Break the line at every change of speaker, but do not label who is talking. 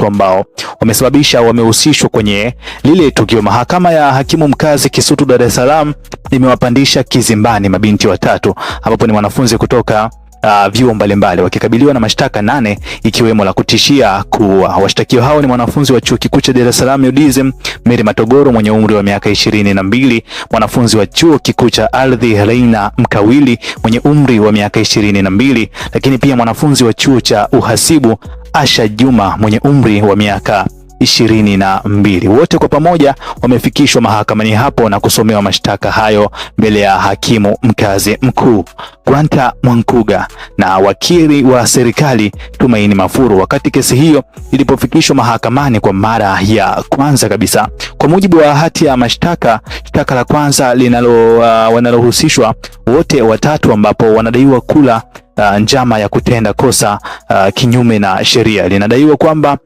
watu ambao wamesababisha wamehusishwa kwenye lile tukio. Mahakama ya hakimu mkazi Kisutu Dar es Salaam imewapandisha kizimbani mabinti watatu ambapo ni wanafunzi kutoka Uh, vyuo mbalimbali wakikabiliwa na mashtaka nane ikiwemo la kutishia kuua. Washtakiwa hao ni mwanafunzi wa chuo kikuu cha Dar es Salaam UDSM Mary Matogoro mwenye umri wa miaka ishirini na mbili, mwanafunzi wa chuo kikuu cha Ardhi Reina Mkawili mwenye umri wa miaka ishirini na mbili, lakini pia mwanafunzi wa chuo cha uhasibu Asha Juma mwenye umri wa miaka ishirini na mbili. Wote kwa pamoja wamefikishwa mahakamani hapo na kusomewa mashtaka hayo mbele ya hakimu mkazi mkuu Gwanta Mwankuga na wakili wa serikali Tumaini Mafuru wakati kesi hiyo ilipofikishwa mahakamani kwa mara ya kwanza kabisa. Kwa mujibu wa hati ya mashtaka, shtaka la kwanza linalo uh, wanalohusishwa wote watatu ambapo wanadaiwa kula Uh, njama ya kutenda kosa uh, kinyume na sheria. Linadaiwa kwamba